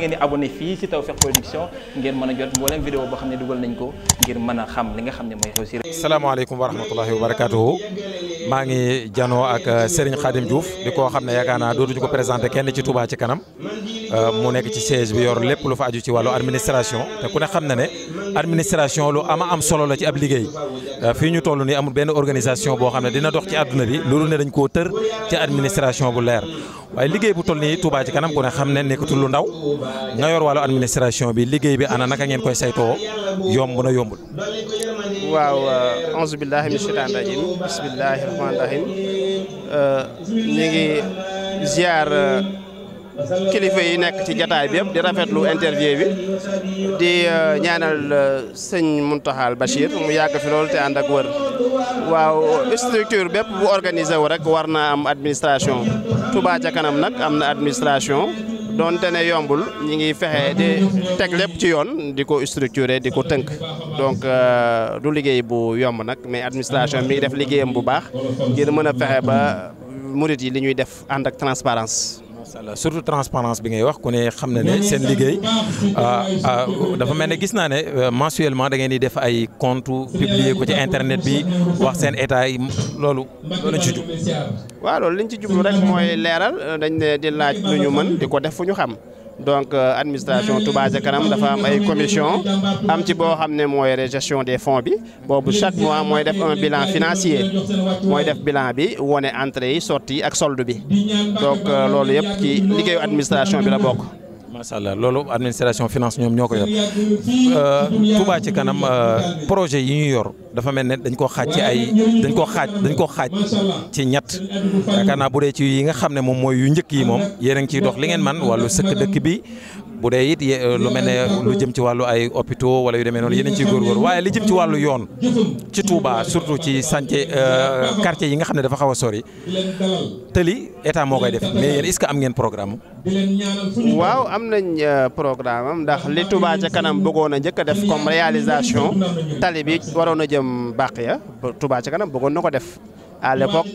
ngeen di abonné fii ci Tawfekh Production ngeen mën a jot mboolem vidéo boo xam ne dugal nañ ko ngir mën a xam li nga xam ne mooy xew ci. salaamaaleykum wa rahmatullahi wa barakaatuhu. maa ngi janoo ak euh, Serigne Khadim Diouf di koo xam ne yaakaar naa dootuñu ko présenté kenn ci Touba ci kanam euh, mu nekk ci siège bi yor lépp lu fa aju ci wàllu administration te ku ne xam na ne administration lu ama am solo la ci ab liggéey euh, fii ñu toll nii amul benn organisation boo xam ne dina dox ci àdduna bi loolu ne dañ koo tër ci administration bu leer waaye liggéey bu toll nii Touba ci kanam ku ne xam ne nekkatul lu ndaw nga yor wàllu administration bi liggéey bi ana naka ngeen koy saytoo yomb na yombul. waaw auzu billahi min shaytaan rajim bismillahi rahmaan rahim euh, ngi ziar euh, kilifa yi nekk ci jataay bi yëpp di rafetlu interview bi di euh, ñaanal sëñ Muntaxal Bachir mu yàgg fi loolu te ànd ak wër waaw structure bépp bu organisé wu rek war na am administration Touba ca kanam nag am na administration donte ne yombul ñi ngiy fexe di teg lépp ci yoon di ko structuré di ko tënk donc euh, du liggéey bu yomb nag mais administration mi def liggéeyam bu baax ngir mën a fexe ba murit yi li ñuy def ànd ak transparence allah surtout transparence bi ngay wax ku ne xam na ne seen liggéey ah, ah, dafa mel ne gis naa ne euh, mensuellement da ngeen di def ay compte publier ko ci internet bi wax seen état yi loolu loolu ci jub waaw loolu liñ ci rek mooy leeral dañ ne di laaj lu ñu mën di ko def fu ñu xam donc euh, administration hmm. Touba ca kanam dafa am ay commission am ci boo xam ne mooy gestion des fonds bi boobu chaque mois mooy def un bilan financier mooy def bilan bi wone entrée yi sortie yi ak solde bi donc euh, loolu yëpp ci liggéeyu administration bi la bokk. macha allah loolu administration finance ñoom ñoo ko yor euh, Touba ci kanam euh, projet yi ñu yor dafa mel ne dañ koo xaaj ci ay dañ koo xaaj dañ koo xaaj ci ñett yaakaar naa bu dee ci yi nga xam ne moom mooy yu njëkk yi moom yéen a ngi ciy dox li ngeen man wàllu sëkk dëkk bi bu dee it lu mel ne lu jëm ci wàllu ay hôpitaux wala yu demee noonu yeneen ciy góorgóor waaye li jëm ci wàllu yoon ci Touba surtout ci santé euh, quartier yi nga xam ne dafa xaw a sori tëli état moo koy def mais yéen est-ce que am ngeen programme waaw am nañ euh, programme am ndax li Touba ca kanam bëggoon a njëkk a def comme réalisation tali bi waroon a jëm bàq ya Touba ca kanam bëggoon na ko def à l'époque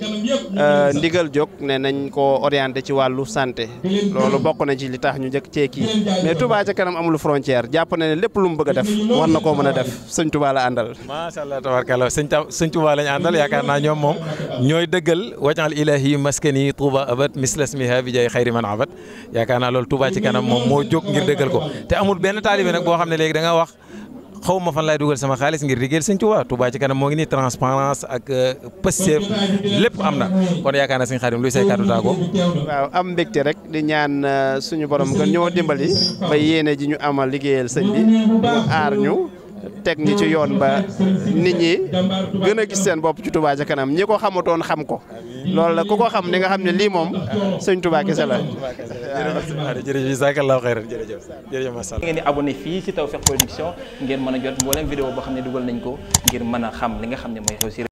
euh, ndigal jog ne ko orienté ci wàllu santé loolu bokk na ci li tax ñu njëkk cee kii mais Touba ca kanam amul frontière jàpp na lépp lu mu bëgg def war na koo mën a def sëñ Touba la àndal. macha allah tabarkalla sëñ sëñ Touba lañ àndal yaakaar naa ñoom moom ñooy dëggal wajal ilahi maskani Touba abad mislasmiha bi jaay xayri man abad yaakaar naa loolu Touba ci kanam moom moo jog ngir dëggal ko te amul benn taalibe nag boo xam ne léegi da wax. xaw ma fan laay dugal sama xaalis ngir liggéeyal sëñ Touba Touba ci kanam moo ngi nii transparence ak euh, pëstéef lépp am na kon yaakaar na sëñ Xaadim luy say kàddu tàggoo waaw am mbégte rek di ñaan euh, suñu borom gën ñoo dimbali ba yéene ji ñu amal liggéeyal sëñ bi aar ñu teg ñi ci yoon ba nit ñi gën a gis seen bopp ci Touba ca kanam ñi ko xamutoon xam ko loolu la ku ko xam ni nga xam ne lii moom sëñ Touba sa la. jërëjëf jazakallahu xayran jërëjëf jërëjëf masal ngeen di abonné fii ci Tawfekh Production ngeen mën a jot mboolem vidéo boo xam ne dugal nañ ko ngir mën a xam li nga xam ne mooy xew si